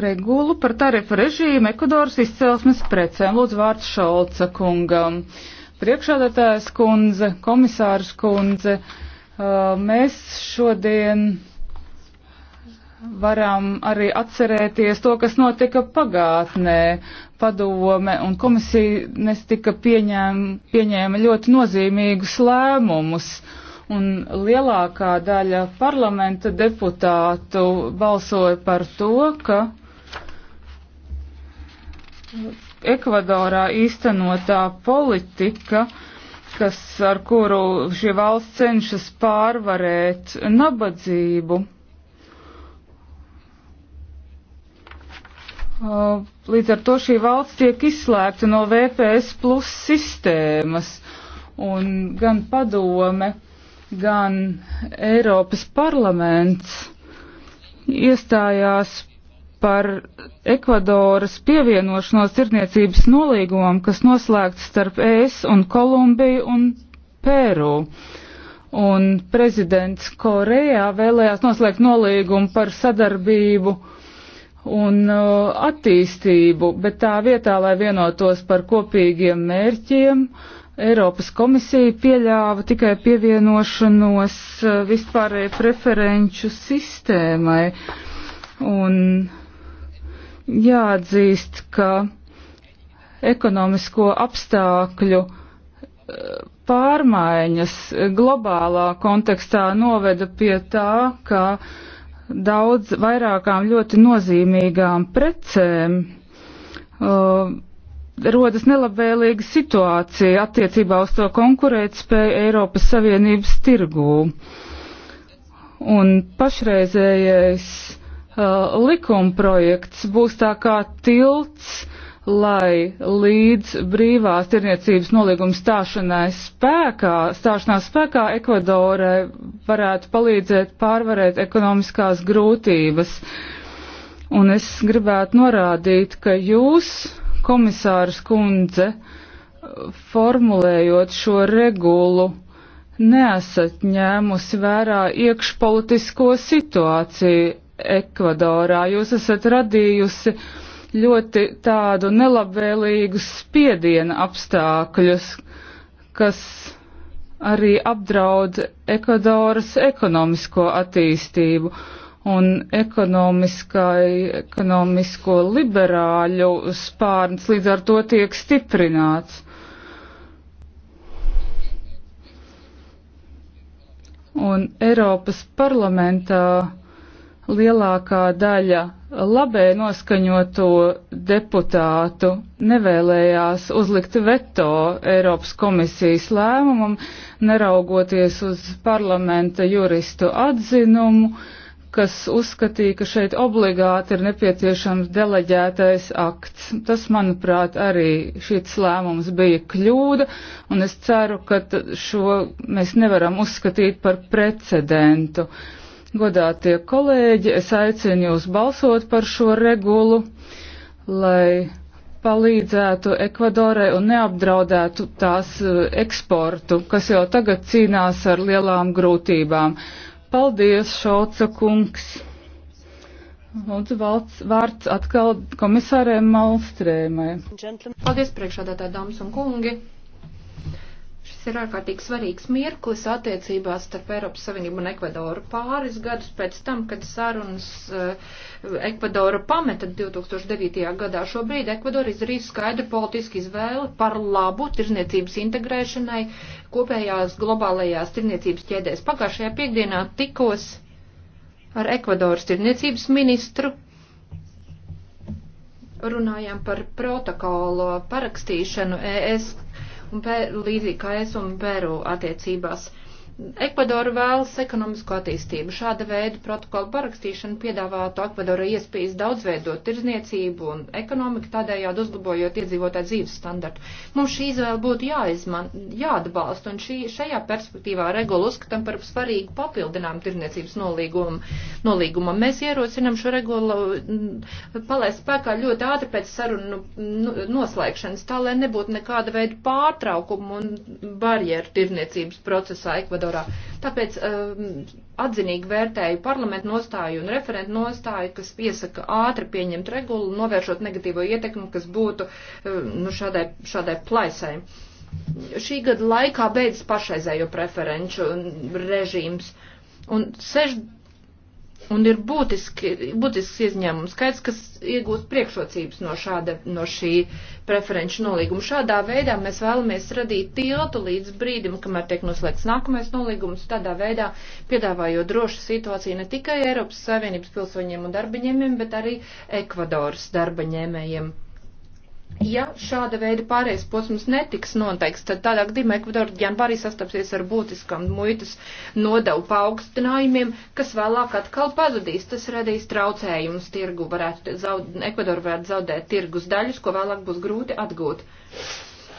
regulu par tarifu režīmu Ekvadoras izcelsmes precēm. Lūdzu vārds Šolca kungam. Priekšādātājs kundze, komisārs kundze, mēs šodien varam arī atcerēties to, kas notika pagātnē. Padome un komisija nestika pieņēm, pieņēma ļoti nozīmīgus lēmumus un lielākā daļa parlamenta deputātu balsoja par to, ka Ekvadorā īstenotā politika, kas ar kuru šī valsts cenšas pārvarēt nabadzību. Uh, līdz ar to šī valsts tiek izslēgta no VPS plus sistēmas, un gan padome, gan Eiropas parlaments iestājās par Ekvadoras pievienošanos tirniecības nolīgumam, kas noslēgts starp ES un Kolumbiju un Peru. Un prezidents Korejā vēlējās noslēgt nolīgumu par sadarbību un uh, attīstību, bet tā vietā, lai vienotos par kopīgiem mērķiem, Eiropas komisija pieļāva tikai pievienošanos uh, vispārēju preferenču sistēmai. Un jāatzīst, ka ekonomisko apstākļu eh, pārmaiņas globālā kontekstā noveda pie tā, ka daudz vairākām ļoti nozīmīgām precēm uh, rodas nelabvēlīga situācija attiecībā uz to konkurētspēju Eiropas Savienības tirgū. Un pašreizējais Uh, likumprojekts būs tā kā tilts, lai līdz brīvās tirniecības nolīguma stāšanai spēkā, stāšanās spēkā Ekvadorai varētu palīdzēt pārvarēt ekonomiskās grūtības. Un es gribētu norādīt, ka jūs, komisārs kundze, formulējot šo regulu, neesat ņēmusi vērā iekšpolitisko situāciju Ekvadorā. Jūs esat radījusi ļoti tādu nelabvēlīgu spiediena apstākļus, kas arī apdraud Ekvadoras ekonomisko attīstību un ekonomisko liberāļu spārns līdz ar to tiek stiprināts. Un Eiropas parlamentā lielākā daļa labē noskaņoto deputātu nevēlējās uzlikt veto Eiropas komisijas lēmumam, neraugoties uz parlamenta juristu atzinumu, kas uzskatīja, ka šeit obligāti ir nepieciešams deleģētais akts. Tas, manuprāt, arī šis lēmums bija kļūda, un es ceru, ka šo mēs nevaram uzskatīt par precedentu. Uh, Godātie kolēģi, es aicinu jūs balsot par šo regulu, lai palīdzētu Ekvadorai un neapdraudētu tās uh, eksportu, kas jau tagad cīnās ar lielām grūtībām. Paldies, Šauca kungs! Lūdzu, valsts vārds atkal komisārē Malstrēmai. Paldies, priekšādātāji, dāmas un kungi! Tas ir ārkārtīgi svarīgs mirklis attiecībās starp Eiropas Savienību un Ekvadoru. Pāris gadus pēc tam, kad sarunas eh, Ekvadora pameta 2009. gadā, šobrīd Ekvadora izdarīja skaidru politisku izvēli par labu tirzniecības integrēšanai kopējās globālajās tirzniecības ķēdēs. Pagājušajā piekdienā tikos ar Ekvadoras tirzniecības ministru runājām par protokolu parakstīšanu ES un pēr, līdzīgi kā es un Peru attiecībās. Ekvadora vēlas ekonomisko attīstību. Šāda veida protokolu parakstīšana piedāvātu Ekvadorai iespējas daudzveidot tirzniecību un ekonomiku, tādējādi uzlabojot iedzīvotāju dzīves standartu. Mums šī izvēle būtu jāizman, jāatbalsta, un šī, šajā perspektīvā regulu uzskatām par svarīgu papildinājumu tirzniecības nolīgumam. nolīgumam. Mēs ierosinam šo regulu mm, palaist spēkā ļoti ātri pēc sarunu nu, noslēgšanas, tā lai nebūtu nekāda veida pārtraukumu un barjeru tirzniecības procesā Ekvadorā koridorā. Tāpēc um, atzinīgi vērtēju parlamentu nostāju un referentu nostāju, kas piesaka ātri pieņemt regulu, novēršot negatīvo ietekmi, kas būtu um, nu, šādai, šādai plaisai. Šī gada laikā beidzas pašreizējo preferenču režīms. Un seš, un ir būtiski, būtisks izņēmums skaits, kas iegūst priekšrocības no, šāda, no šī preferenču nolīguma. Šādā veidā mēs vēlamies radīt tiltu līdz brīdim, kamēr tiek noslēgts nākamais nolīgums, tādā veidā piedāvājot drošu situāciju ne tikai Eiropas Savienības pilsoņiem un darbaņēmiem, bet arī Ekvadoras darbaņēmējiem. Ja šāda veida pārējais posms netiks noteikts, tad tādā gadījumā Ekvadora janvārī sastapsies ar būtiskām muitas nodevu paaugstinājumiem, kas vēlāk atkal pazudīs. Tas radīs traucējumus tirgu, varētu zaud, Ekvadora varētu zaudēt tirgus daļus, ko vēlāk būs grūti atgūt.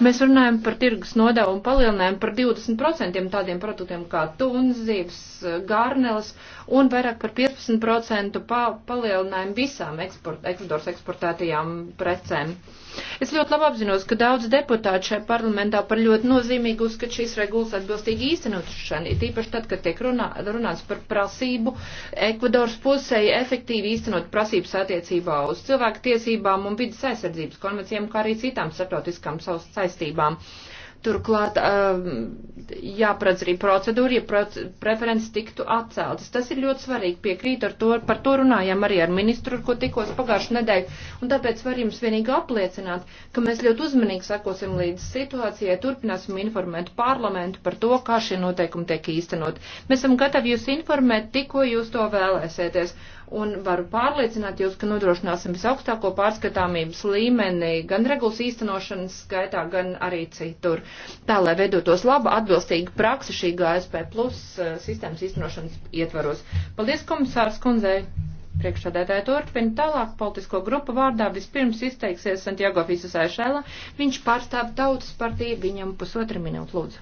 Mēs runājam par tirgus nodevu un palielinājumu par 20% tādiem produktiem kā tuns, zivs, garneles un vairāk par 15% pa, palielinājumu visām eksport, Ekvadors eksportētajām precēm. Es ļoti labi apzinos, ka daudz deputāti šai parlamentā par ļoti nozīmīgu uzskat šīs regulas atbilstīgi īstenošanai, tīpaši tad, kad tiek runā, runāts par prasību Ekvadors pusēji efektīvi īstenot prasības attiecībā uz cilvēku tiesībām un vidas aizsardzības konvencijām, kā arī citām starptautiskām saistībām. Uh, Turklāt ehm, jāpredz arī procedūra, ja preferences tiktu atceltas. Tas ir ļoti svarīgi, piekrīt, to, par to runājām arī ar ministru, ar ko tikos pagājušu nedēļu, un tāpēc var jums vienīgi apliecināt, ka mēs ļoti uzmanīgi sakosim līdz situācijai, turpināsim informēt parlamentu par to, kā šie noteikumi tiek īstenot. Mēs esam gatavi jūs informēt, tikko jūs to vēlēsieties un varu pārliecināt jūs, ka nodrošināsim visaugstāko pārskatāmības līmeni gan regulas īstenošanas skaitā, gan arī citur. Tā, lai veidotos laba atbilstīga praksa šī GSP plus eh, sistēmas īstenošanas ietvaros. Paldies, komisārs Kundzei! Priekšsādētāja turpina tālāk politisko grupu vārdā. Vispirms izteiksies Santiago Fisas Aišēla. Viņš pārstāv tautas partiju. Viņam pusotra minūte, lūdzu.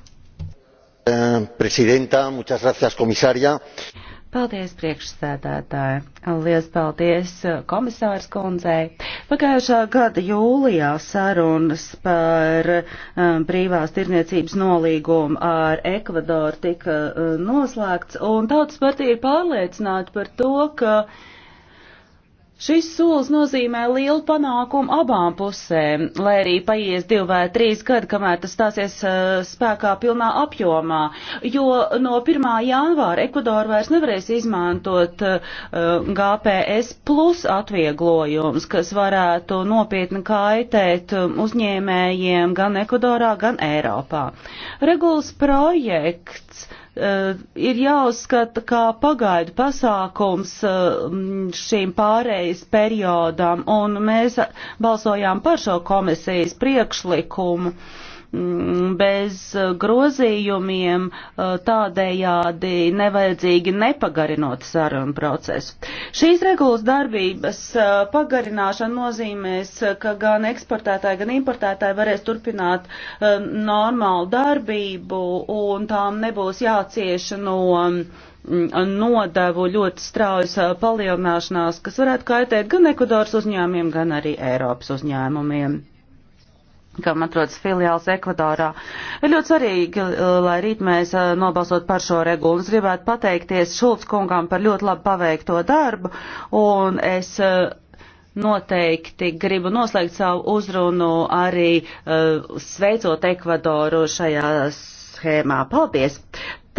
Eh, presidenta, muchas gracias, komisārija. Paldies priekšsēdētāji. Lielas paldies uh, komisārs kundzei. Pagājušā gada jūlijā sarunas par um, brīvās tirniecības nolīgumu ar Ekvadoru tika uh, noslēgts, un tautas partija ir pārliecināta par to, ka uh, Šis solis nozīmē lielu panākumu abām pusēm, lai arī paies divi vai trīs gadi, kamēr tas stāsies uh, spēkā pilnā apjomā, jo no 1. janvāra Ekvadora vairs nevarēs izmantot uh, GPS plus atvieglojums, kas varētu nopietni kaitēt um, uzņēmējiem gan Ekvadorā, gan Eiropā. Regulas projekts Eh, ir jāuzskata kā pagaidu pasākums eh, šīm pārejas periodām, un mēs balsojām par šo komisijas priekšlikumu. Uh, Mm, bez uh, grozījumiem uh, tādējādi nevajadzīgi nepagarinot sarunu procesu. Šīs regulas darbības uh, pagarināšana nozīmēs, ka gan eksportētāji, gan importētāji varēs turpināt normālu darbību un tām nebūs jācieš no mm, nodevu ļoti straujas palielināšanās, kas varētu kaitēt gan Ekvadoras uzņēmumiem, gan arī Eiropas uzņēmumiem kam atrodas filiāls Ekvadorā. Ir ļoti svarīgi, eh, lai rīt mēs eh, nobalsot par šo regulu. Es gribētu pateikties Šulc kungām par ļoti labi paveikto darbu, un es eh, noteikti gribu noslēgt savu uzrunu arī sveicot Ekvadoru šajā schēmā. Paldies!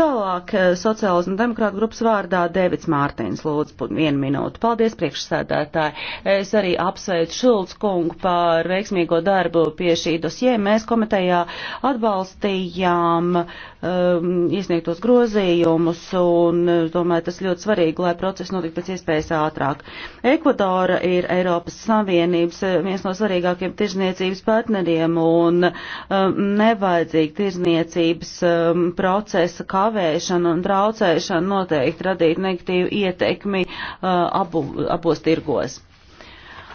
Tālāk eh, sociālas un demokrāta grupas vārdā Devits Mārtiņš lūdzu vienu minūtu. Paldies priekšsēdētāji. Es arī apsveicu Šulc kungu par veiksmīgo darbu pie šī dosie. Mēs komitejā atbalstījām um, iesniegtos grozījumus un eh, domāju, tas ļoti svarīgi, lai process notiktu pēc iespējas ātrāk. Ekvadora ir Eiropas Savienības eh, viens no svarīgākiem tirzniecības partneriem un um, ehm, nevajadzīgi tirzniecības um, procesa kā kavēšana un traucēšana noteikti radītu negatīvu ietekmi uh, abu, abos tirgos.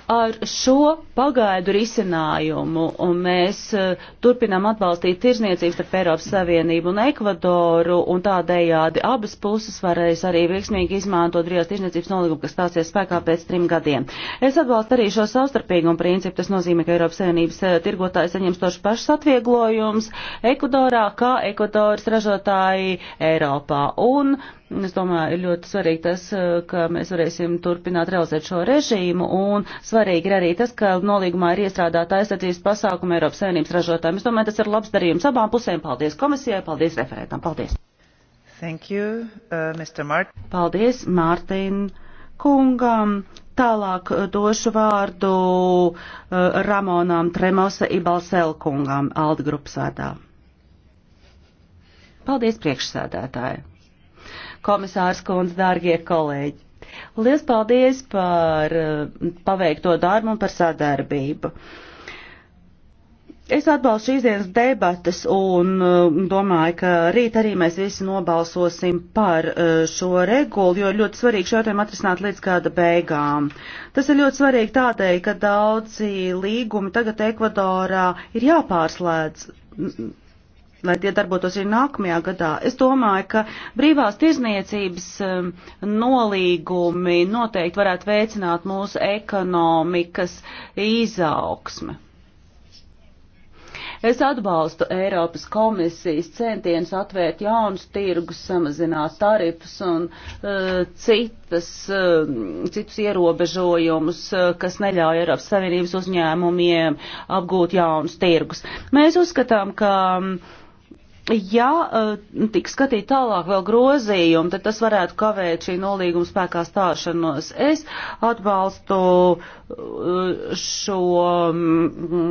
Ar šo pagaidu risinājumu mēs e, turpinām atbalstīt tirzniecības starp Eiropas Savienību un Ekvadoru, un tādējādi abas puses varēs arī veiksmīgi izmantot brīvās tirzniecības nolīgumu, kas stāsies spēkā pēc trim gadiem. Es atbalstu arī šo savstarpīgumu principu, tas nozīmē, ka Eiropas Savienības e, tirgotāji saņems tošu pašas atvieglojums Ekvadorā, kā Ekvadoras ražotāji Eiropā. Un Es domāju, ir ļoti svarīgi tas, eh, ka mēs varēsim turpināt realizēt šo režīmu, un svarīgi ir arī tas, ka nolīgumā ir iestrādāta aizsardzības pasākuma Eiropas Savienības ražotājiem. Es domāju, tas ir labs darījums abām pusēm. Paldies komisijai, paldies referētam, paldies. Thank you, uh, Mr. Mart. Paldies, Mārtiņ kungam. Tālāk uh, došu vārdu uh, Ramonām Tremosa Ibalsel kungam, Alda grupas vārdā. Paldies, priekšsēdētāji komisārs kundze, dārgie kolēģi! Lielas paldies par eh, paveikto darbu un par sadarbību! Es atbalstu šīs dienas debatas un eh, domāju, ka rīt arī mēs visi nobalsosim par eh, šo regulu, jo ir ļoti svarīgi šo tēmu atrisināt līdz kāda beigām. Tas ir ļoti svarīgi tādēļ, ka daudzi līgumi tagad Ekvadorā ir jāpārslēdz lai tie darbotos arī nākamajā gadā. Es domāju, ka brīvās tirzniecības um, nolīgumi noteikti varētu veicināt mūsu ekonomikas izaugsmi. Es atbalstu Eiropas komisijas centienus atvērt jaunus tirgus, samazināt tarifus un uh, citas, uh, citus ierobežojumus, uh, kas neļauj Eiropas Savienības uzņēmumiem apgūt jaunus tirgus. Mēs uzskatām, ka um, Ja eh, tiks skatīt tālāk vēl grozījumi, tad tas varētu kavēt šī nolīguma spēkā stāšanos. Es atbalstu eh, šo mm,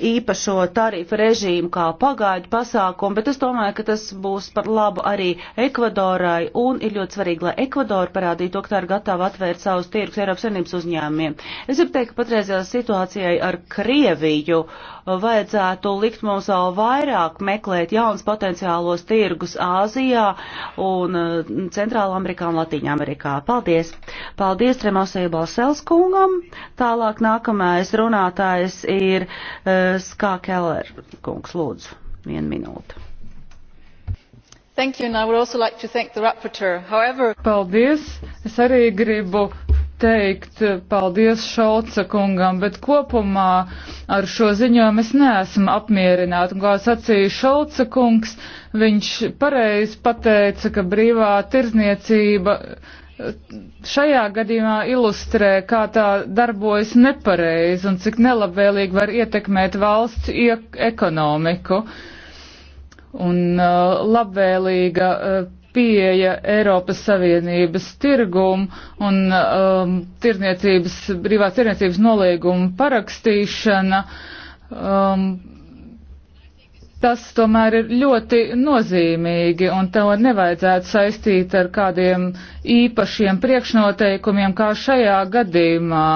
īpašo tarifu režīmu kā pagaidu pasākumu, bet es domāju, ka tas būs par labu arī Ekvadorai un ir ļoti svarīgi, lai Ekvadora parādītu to, ka tā ir gatava atvērt savus tirgus Eiropas Savienības uzņēmumiem. Es gribu teikt, ka patreizējā situācijai ar Krieviju vajadzētu likt mums vēl vairāk meklēt jaunas potenciālos tirgus Āzijā un eh, Centrāla Amerikā un Latīņa Amerikā. Paldies! Paldies Tremosei Balselskungam! Tālāk nākamais runātājs ir uh, Skā Keller, kungs, lūdzu, vienu minūtu. Thank you, and I would also like to thank the rapporteur. However... Paldies! Es arī gribu teikt paldies Šauca kungam, bet kopumā ar šo ziņojumu es neesmu apmierināta. Un, kā sacīja Šauca kungs, viņš pareizi pateica, ka brīvā tirzniecība šajā gadījumā ilustrē, kā tā darbojas nepareizi un cik nelabvēlīgi var ietekmēt valsts ekonomiku. Un uh, labvēlīga uh, pieeja Eiropas Savienības tirgumu un um, tirniecības, brīvās tirniecības nolīgumu parakstīšana. Um, Tas tomēr ir ļoti nozīmīgi, un to nevajadzētu saistīt ar kādiem īpašiem priekšnoteikumiem, kā šajā gadījumā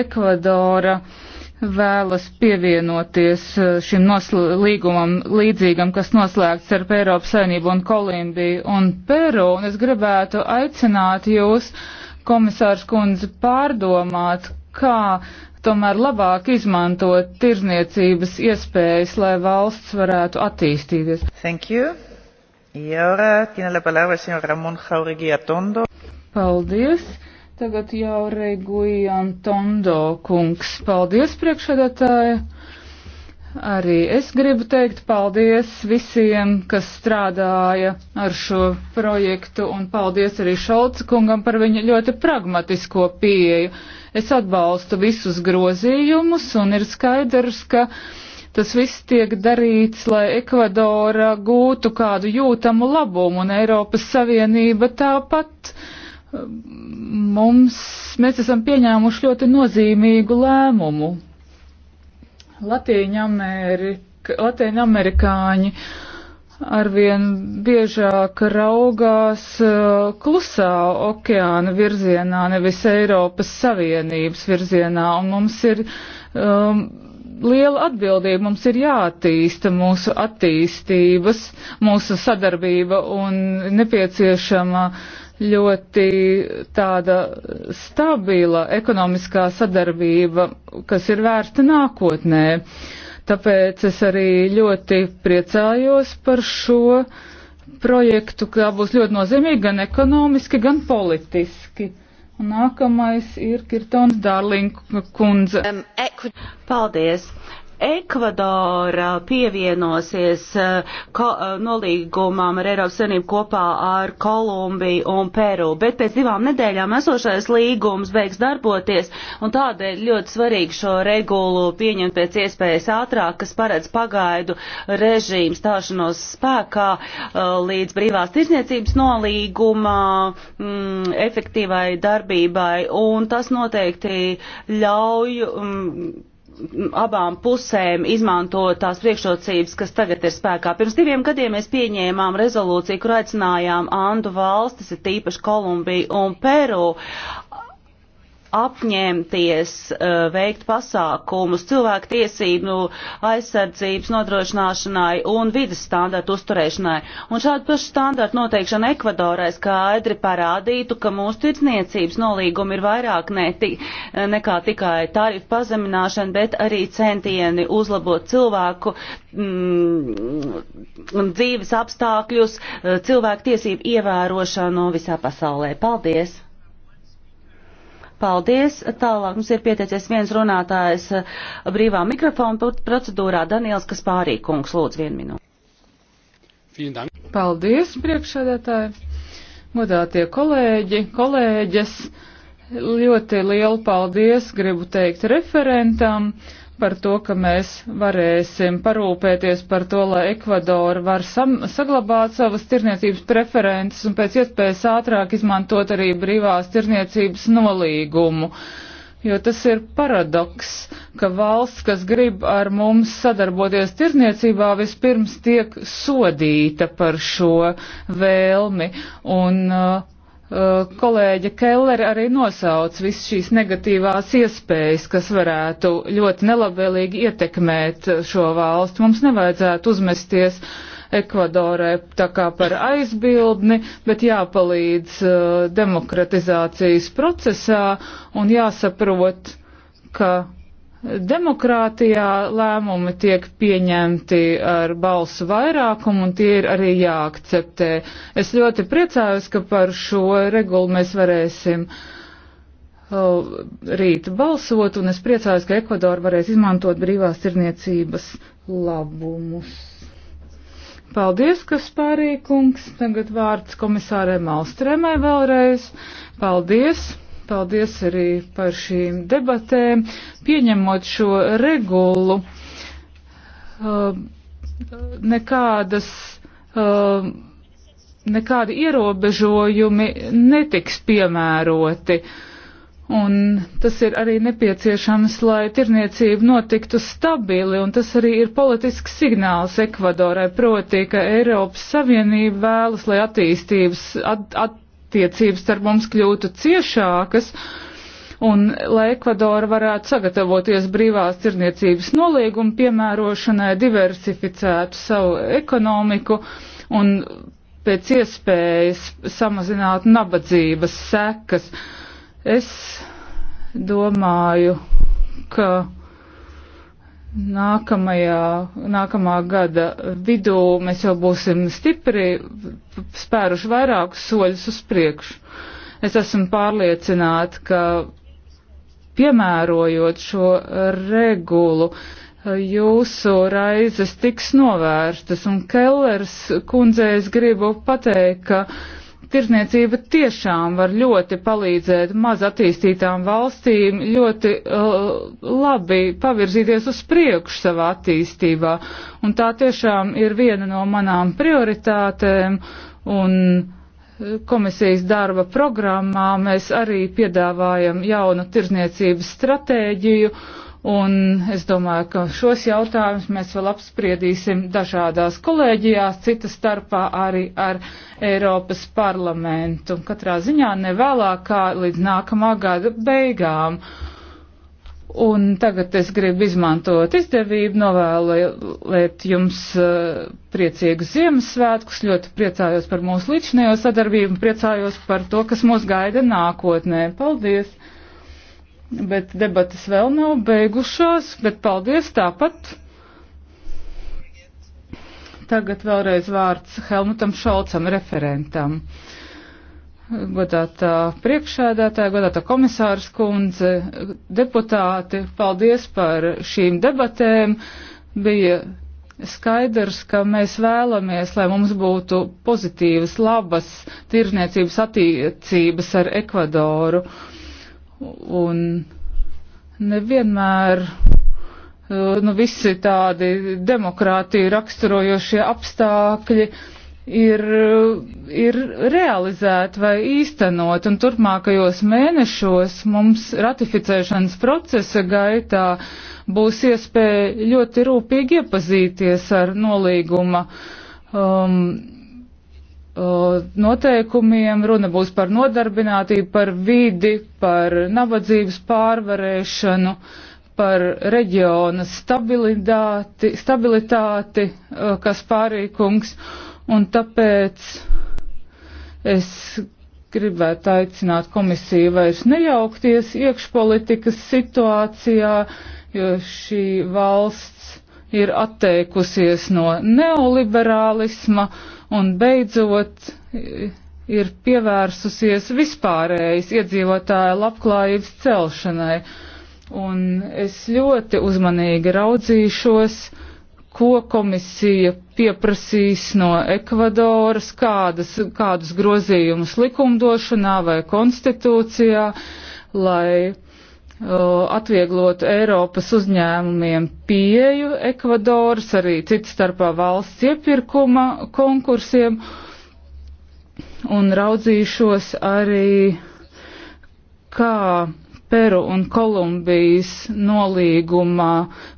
Ekvadora vēlas pievienoties eh, šim līgumam līdzīgam, kas noslēgts ar Eiropas Savienību un Kolumbiju un Peru, un es gribētu aicināt jūs, komisārs kundze, pārdomāt, kā tomēr labāk izmantot tirzniecības iespējas, lai valsts varētu attīstīties. Thank you. Y ahora tiene la palabra el señor Ramón Jauregui Atondo. Paldies. Tagad Jauregui Antondo kungs. Paldies, priekšsēdētāji. Arī es gribu teikt paldies visiem, kas strādāja ar šo projektu, un paldies arī Šalca kungam par viņa ļoti pragmatisko pieeju. Es atbalstu visus grozījumus, un ir skaidrs, ka tas viss tiek darīts, lai Ekvadora gūtu kādu jūtamu labumu, un Eiropas Savienība tāpat mums, mēs esam pieņēmuši ļoti nozīmīgu lēmumu Latīņamerika, Latīņamerikāņi arvien biežāk raugās uh, klusā okeāna virzienā, nevis Eiropas Savienības virzienā, un mums ir um, liela atbildība. Mums ir jāattīsta mūsu attīstības, mūsu sadarbība un nepieciešama ļoti tāda stabila ekonomiskā sadarbība, kas ir vērsta nākotnē. Tāpēc es arī ļoti priecājos par šo projektu, kā būs ļoti nozīmīgi gan ekonomiski, gan politiski. Un nākamais ir Kirtons Dārlinga kundze. Um, Paldies! Ekvadora pievienosies eh, ko, eh, nolīgumam ar Eiropas Savienību kopā ar Kolumbiju un Peru, bet pēc divām nedēļām esošais līgums beigs darboties, un tādēļ ļoti svarīgi šo regulu pieņemt pēc iespējas ātrāk, kas paredz pagaidu režīmu stāšanos spēkā eh, līdz brīvās tirsniecības nolīguma mm, efektīvai darbībai, un tas noteikti ļauj. Mm, abām pusēm izmantot tās priekšrocības, kas tagad ir spēkā. Pirms diviem gadiem mēs pieņēmām rezolūciju, kur aicinājām Andu valstis, ir tīpaši Kolumbiju un Peru, apņēmties uh, eh, veikt pasākumus cilvēku tiesību aizsardzības nodrošināšanai un vidas standartu uzturēšanai. Un šādu pašu standartu noteikšana Ekvadorai skaidri parādītu, ka mūsu tirdzniecības nolīgumi ir vairāk ne ti, eh, nekā tikai tarifu pazemināšana, bet arī centieni uzlabot cilvēku mm, dzīves apstākļus, eh, cilvēku tiesību ievērošanu visā pasaulē. Paldies! Paldies! Tālāk mums ir pieteicies viens runātājs eh, brīvā mikrofona procedūrā. Daniels Kaspārī, kungs, lūdzu, vienu minūti. Paldies, priekšsēdētāji! Godātie kolēģi, kolēģes! Ļoti lielu paldies gribu teikt referentam par to, ka mēs varēsim parūpēties par to, lai Ekvadora var sam, saglabāt savas tirniecības preferences un pēc iespējas ātrāk izmantot arī brīvās tirniecības nolīgumu. Jo tas ir paradoks, ka valsts, kas grib ar mums sadarboties tirniecībā, vispirms tiek sodīta par šo vēlmi. Un, uh, Eh, kolēģa Kellere arī nosauc visas šīs negatīvās iespējas, kas varētu ļoti nelabvēlīgi ietekmēt šo valstu. Mums nevajadzētu uzmesties Ekvadorai tā kā par aizbildni, bet jāpalīdz uh, demokratizācijas procesā un jāsaprot, ka Demokrātijā lēmumi tiek pieņemti ar balsu vairākumu un tie ir arī jāakceptē. Es ļoti priecājos, ka par šo regulu mēs varēsim uh, rīt balsot un es priecājos, ka Ekvadora varēs izmantot brīvās tirniecības labumus. Paldies, Kaspārī kungs. Tagad vārds komisārai Malstrēmai vēlreiz. Paldies. Paldies arī par šīm debatēm. Pieņemot šo regulu, uh, nekādas, uh, nekādi ierobežojumi netiks piemēroti. Un tas ir arī nepieciešams, lai tirniecība notiktu stabili, un tas arī ir politisks signāls Ekvadorai, proti, ka Eiropas Savienība vēlas, lai attīstības at, at, attiecības starp mums kļūtu ciešākas un lai Ekvadora varētu sagatavoties brīvās tirniecības noliegumu piemērošanai, diversificētu savu ekonomiku un pēc iespējas samazināt nabadzības sekas. Es domāju, ka. Nākamajā, nākamā gada vidū mēs jau būsim stipri spēruši vairākus soļus uz priekšu. Es esmu pārliecināta, ka piemērojot šo regulu, jūsu raizes tiks novērstas. Un Kellers kundzei es gribu pateikt, ka tirzniecība tiešām var ļoti palīdzēt maz attīstītām valstīm ļoti uh, labi pavirzīties uz priekšu savā attīstībā. Un tā tiešām ir viena no manām prioritātēm un uh, komisijas darba programmā mēs arī piedāvājam jaunu tirzniecības stratēģiju Un es domāju, ka šos jautājumus mēs vēl apspriedīsim dažādās kolēģijās, cita starpā arī ar Eiropas parlamentu. Katrā ziņā nevēlāk kā līdz nākamā gada beigām. Un tagad es gribu izmantot izdevību, novēlēt jums eh, priecīgus Ziemassvētkus, ļoti priecājos par mūsu līdzinējo sadarbību, priecājos par to, kas mūs gaida nākotnē. Paldies! bet debatas vēl nav beigušās, bet paldies tāpat. Tagad vēlreiz vārds Helmutam Šalcam, referentam. Godātā priekšēdētāja, godātā komisārs kundze, deputāti, paldies par šīm debatēm. Bija skaidrs, ka mēs vēlamies, lai mums būtu pozitīvas, labas tirzniecības attiecības ar Ekvadoru. Uh, un nevienmēr eh, nu, visi tādi demokrātiju raksturojošie apstākļi ir, ir realizēti vai īstenot, un turpmākajos mēnešos mums ratificēšanas procesa gaitā būs iespēja ļoti rūpīgi iepazīties ar nolīguma um, noteikumiem, runa būs par nodarbinātību, par vidi, par nabadzības pārvarēšanu, par reģiona stabilitāti, stabilitāti kas pārīkums, un tāpēc es gribētu aicināt komisiju vairs nejaukties iekšpolitikas situācijā, jo šī valsts ir atteikusies no neoliberālisma, uh, un beidzot ir pievērsusies vispārējas iedzīvotāja labklājības celšanai. Un es ļoti uzmanīgi raudzīšos, ko komisija pieprasīs no Ekvadoras, kādas, kādus grozījumus likumdošanā vai konstitūcijā, lai atvieglot Eiropas uzņēmumiem pieju Ekvadoras, arī citas starpā valsts iepirkuma konkursiem un raudzīšos arī, kā Peru un Kolumbijas nolīgumā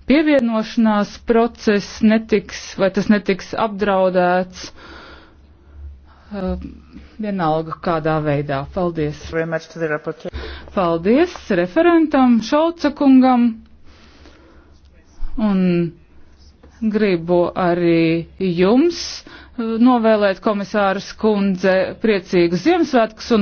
pievienošanās process netiks, vai tas netiks apdraudēts. Uh, Um, vienalga kādā veidā. Paldies. Paldies referentam Šaucakungam un gribu arī jums uh, novēlēt komisāras kundze priecīgu Ziemassvētkus un